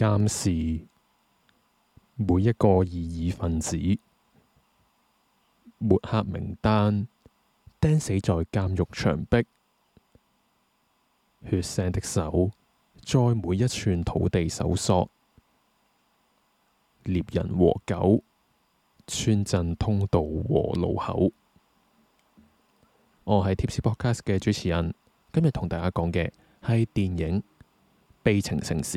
監視每一個異議分子，抹黑名單，釘死在監獄牆壁，血腥的手，在每一寸土地搜索獵人和狗，村鎮通道和路口。我係 Tipsy Podcast 嘅主持人，今日同大家講嘅係電影《悲情城市》。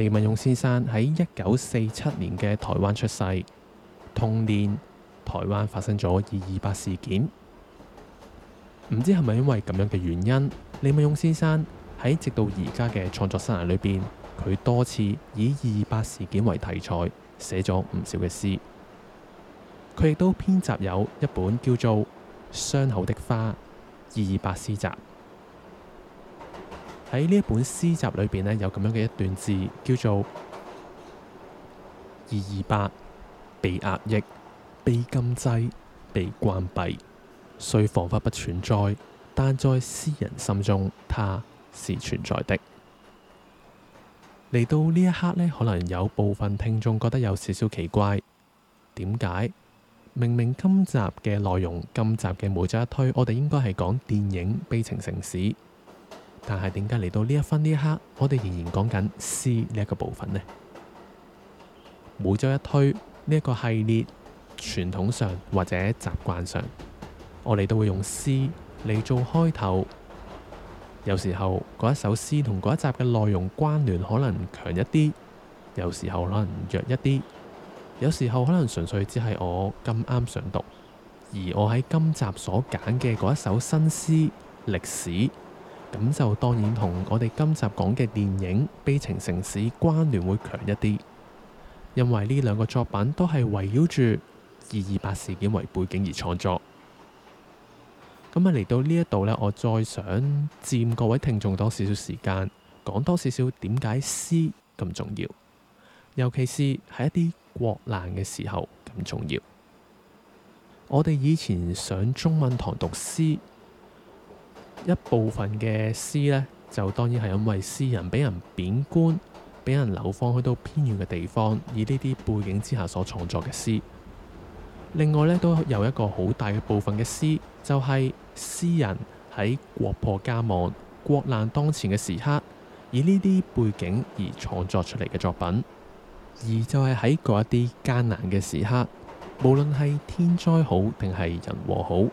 李敏勇先生喺一九四七年嘅台灣出世，同年台灣發生咗二二八事件，唔知係咪因為咁樣嘅原因，李敏勇先生喺直到而家嘅創作生涯裏邊，佢多次以二二八事件為題材寫咗唔少嘅詩，佢亦都編集有一本叫做《傷口的花》二二八詩集。喺呢一本詩集裏邊呢，有咁樣嘅一段字，叫做二二八被壓抑、被禁制、被關閉，雖彷彿不存在，但在詩人心中，它是存在的。嚟到呢一刻呢，可能有部分聽眾覺得有少少奇怪，點解明明今集嘅內容，今集嘅每周一推，我哋應該係講電影《悲情城市》。但係點解嚟到呢一分呢一刻，我哋仍然講緊詩呢一個部分呢？每周一推呢一個系列，傳統上或者習慣上，我哋都會用詩嚟做開頭。有時候嗰一首詩同嗰一集嘅內容關聯可能強一啲，有時候可能弱一啲，有時候可能純粹只係我咁啱想讀。而我喺今集所揀嘅嗰一首新詩歷史。咁就當然同我哋今集講嘅電影《悲情城市》關聯會強一啲，因為呢兩個作品都係圍繞住二二八事件為背景而創作。咁啊，嚟到呢一度呢，我再想佔各位聽眾多少少時間，講多少少點解詩咁重要，尤其是喺一啲國難嘅時候咁重要。我哋以前上中文堂讀詩。一部分嘅詩呢，就當然係因為詩人俾人貶官、俾人流放去到偏遠嘅地方，以呢啲背景之下所創作嘅詩。另外呢，都有一個好大嘅部分嘅詩，就係、是、詩人喺國破家亡、國難當前嘅時刻，以呢啲背景而創作出嚟嘅作品。而就係喺嗰一啲艱難嘅時刻，無論係天災好定係人禍好。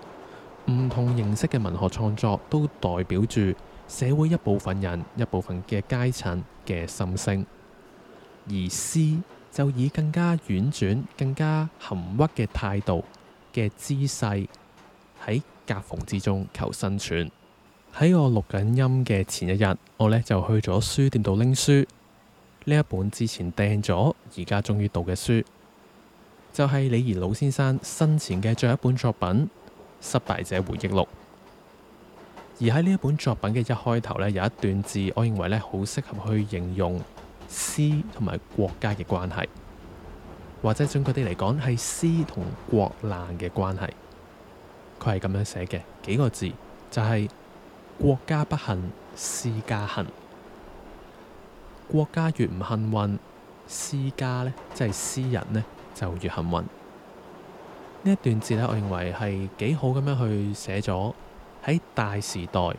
唔同形式嘅文學創作都代表住社會一部分人一部分嘅階層嘅心聲，而詩就以更加婉轉、更加含屈嘅態度嘅姿勢喺夾縫之中求生存。喺我錄緊音嘅前一日，我呢就去咗書店度拎書，呢一本之前訂咗，而家終於讀嘅書，就係、是、李怡老先生生前嘅最後一本作品。失敗者回憶錄，而喺呢一本作品嘅一開頭呢，有一段字，我認為呢好適合去形容詩同埋國家嘅關係，或者準確啲嚟講係詩同國難嘅關係。佢係咁樣寫嘅，幾個字就係、是、國家不幸，詩家幸。國家越唔幸運，詩家呢，即係詩人呢，就越幸運。呢一段字咧，我認為係幾好咁樣去寫咗喺大時代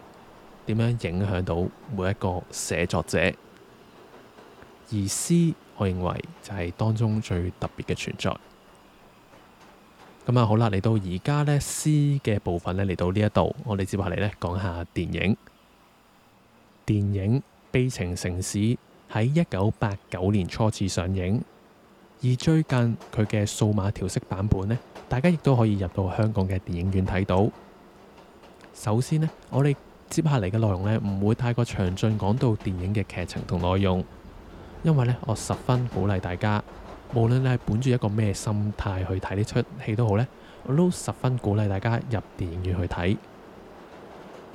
點樣影響到每一個寫作者，而詩我認為就係當中最特別嘅存在。咁啊，好啦，嚟到而家呢詩嘅部分呢，嚟到呢一度，我哋接下嚟呢講下電影。電影《悲情城市》喺一九八九年初次上映。而最近佢嘅數碼調色版本呢，大家亦都可以入到香港嘅電影院睇到。首先呢，我哋接下嚟嘅內容呢，唔會太過詳盡講到電影嘅劇情同內容，因為呢，我十分鼓勵大家，無論你係本住一個咩心態去睇呢出戲都好呢，我都十分鼓勵大家入電影院去睇。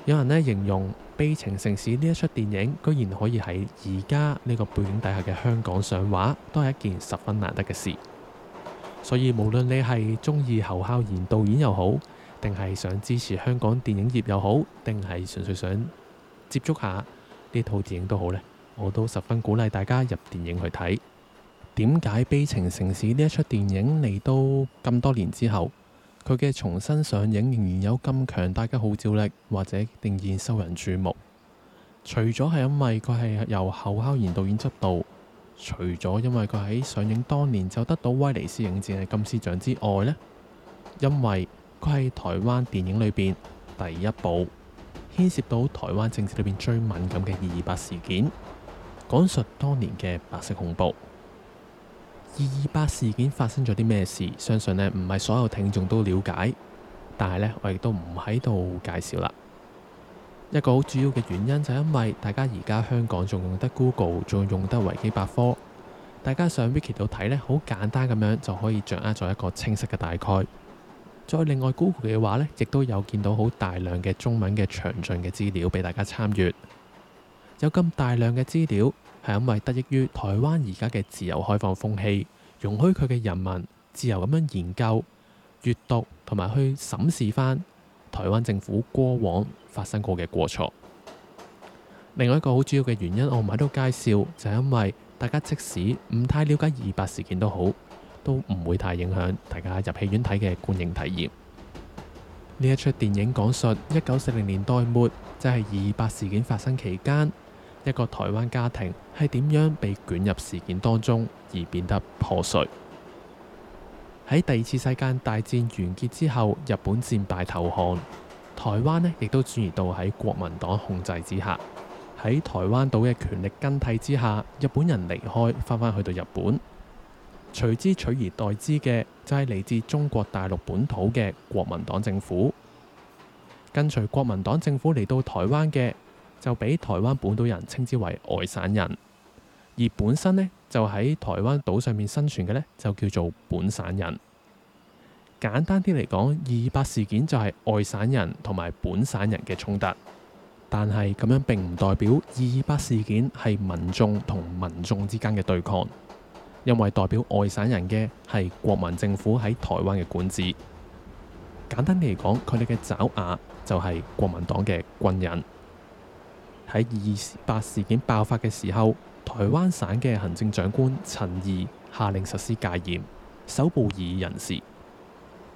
有人咧形容《悲情城市》呢一出電影，居然可以喺而家呢個背景底下嘅香港上畫，都係一件十分難得嘅事。所以無論你係中意侯孝賢導演又好，定係想支持香港電影業又好，定係純粹想接觸下呢套電影都好，呢我都十分鼓勵大家入電影去睇。點解《悲情城市》呢一出電影嚟到咁多年之後？佢嘅重新上映仍然有咁強大嘅號召力，或者定然受人注目。除咗係因為佢係由侯孝賢導演執導，除咗因為佢喺上映當年就得到威尼斯影展嘅金獅獎之外，咧，因為佢係台灣電影裏邊第一部牽涉到台灣政治裏邊最敏感嘅二二八事件，講述當年嘅白色恐怖。二二八事件發生咗啲咩事？相信呢唔係所有聽眾都了解，但係呢我亦都唔喺度介紹啦。一個好主要嘅原因就係因為大家而家香港仲用得 Google，仲用得維基百科，大家上 Wiki 度睇呢，好簡單咁樣就可以掌握咗一個清晰嘅大概。再另外 Google 嘅話呢，亦都有見到好大量嘅中文嘅詳盡嘅資料俾大家參閱。有咁大量嘅資料。係因為得益於台灣而家嘅自由開放風氣，容許佢嘅人民自由咁樣研究、閱讀同埋去審視返台灣政府過往發生過嘅過錯。另外一個好主要嘅原因，我唔喺度介紹，就係因為大家即使唔太了解二八事件都好，都唔會太影響大家入戲院睇嘅觀影體驗。呢一出電影講述一九四零年代末，就係二二八事件發生期間。一個台灣家庭係點樣被捲入事件當中而變得破碎？喺第二次世界大戰完結之後，日本戰敗投降，台灣呢亦都轉移到喺國民黨控制之下。喺台灣島嘅權力更替之下，日本人離開，翻返去到日本，隨之取而代之嘅就係嚟自中國大陸本土嘅國民黨政府。跟隨國民黨政府嚟到台灣嘅。就俾台灣本島人稱之為外省人，而本身呢，就喺台灣島上面生存嘅呢，就叫做本省人。簡單啲嚟講，二二八事件就係外省人同埋本省人嘅衝突。但係咁樣並唔代表二二八事件係民眾同民眾之間嘅對抗，因為代表外省人嘅係國民政府喺台灣嘅管治。簡單啲嚟講，佢哋嘅爪牙就係國民黨嘅軍人。喺二二八事件爆發嘅時候，台灣省嘅行政長官陳儀下令實施戒嚴，搜捕異議人士，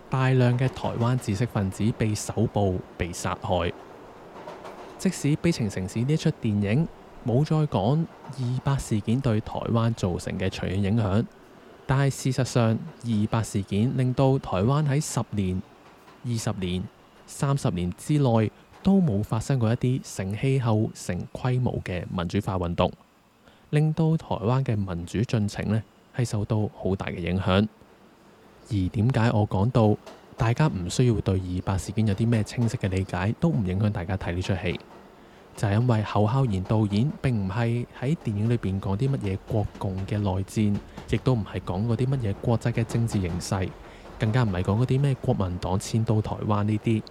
大量嘅台灣知識分子被搜捕、被殺害。即使《悲情城市》呢一出電影冇再講二二八事件對台灣造成嘅長遠影響，但係事實上，二二八事件令到台灣喺十年、二十年、三十年之內，都冇發生過一啲成氣候、成規模嘅民主化運動，令到台灣嘅民主進程呢係受到好大嘅影響。而點解我講到大家唔需要對二二八事件有啲咩清晰嘅理解，都唔影響大家睇呢出戲，就係因為侯孝賢導演並唔係喺電影裏邊講啲乜嘢國共嘅內戰，亦都唔係講嗰啲乜嘢國際嘅政治形勢，更加唔係講嗰啲咩國民黨遷到台灣呢啲。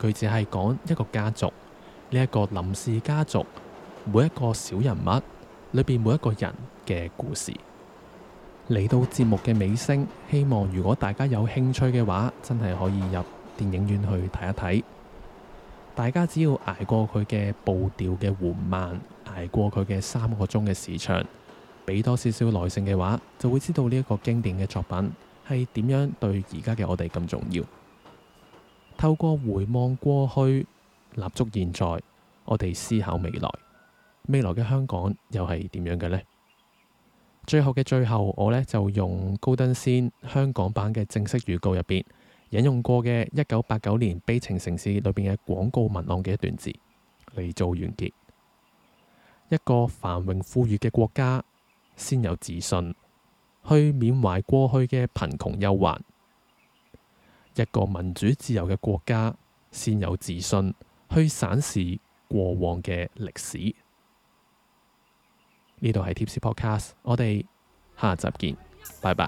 佢只係講一個家族，呢一個林氏家族，每一個小人物裏邊每一個人嘅故事。嚟到節目嘅尾聲，希望如果大家有興趣嘅話，真係可以入電影院去睇一睇。大家只要挨過佢嘅步調嘅緩慢，挨過佢嘅三個鐘嘅時長，俾多少少耐性嘅話，就會知道呢一個經典嘅作品係點樣對而家嘅我哋咁重要。透過回望過去，立足現在，我哋思考未來。未來嘅香港又係點樣嘅呢？最後嘅最後，我呢就用高登先香港版嘅正式預告入邊引用過嘅一九八九年《悲情城市》裏邊嘅廣告文案嘅一段字嚟,做完結。一個繁榮富裕嘅國家，先有自信去緬懷過去嘅貧窮憂患。一個民主自由嘅國家先有自信去審視過往嘅歷史。呢度係 Tipsy Podcast，我哋下集見，拜拜。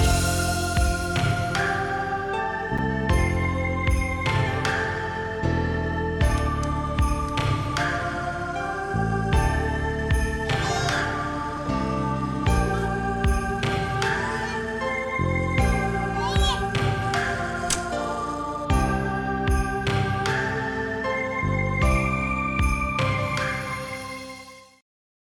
啊。